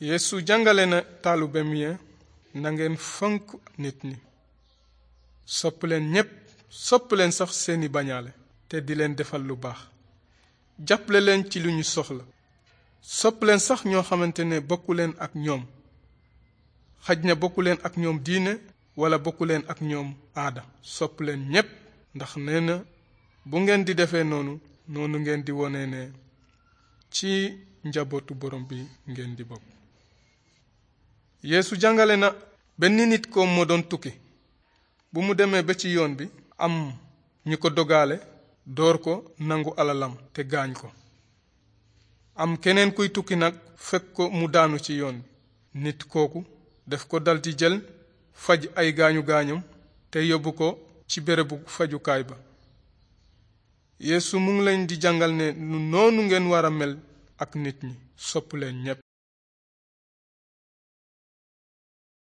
yeesu jàngale na taalu ya na ngeen fonk nit ñi sopp leen ñépp sopp leen sax seeni bañaale te di leen defal lu baax jàppale leen ci lu ñu soxla sopp leen sax ñoo xamante ne bokku leen ak ñoom xaj na bokku leen ak ñoom diine wala bokku leen ak ñoom aada sopp leen ñépp ndax nee na bu ngeen di defee noonu noonu ngeen di wone ne ci njabootu borom bi ngeen di bokk yéesu jàngale na benn nit koom moo doon tukki bu mu demee ba ci yoon bi am ñu ko dogale door ko nangu alalam te gaañ ko am keneen kuy tukki nag fekk ko mu daanu ci yoon nit kooku def ko daldi jël faj ay gaañu gaañum te yóbbu ko ci bérébu fajukaay ba yéesu mu ngi leen di jàngal ne nu noonu ngeen war a mel ak nit ñi sopp leen ñépp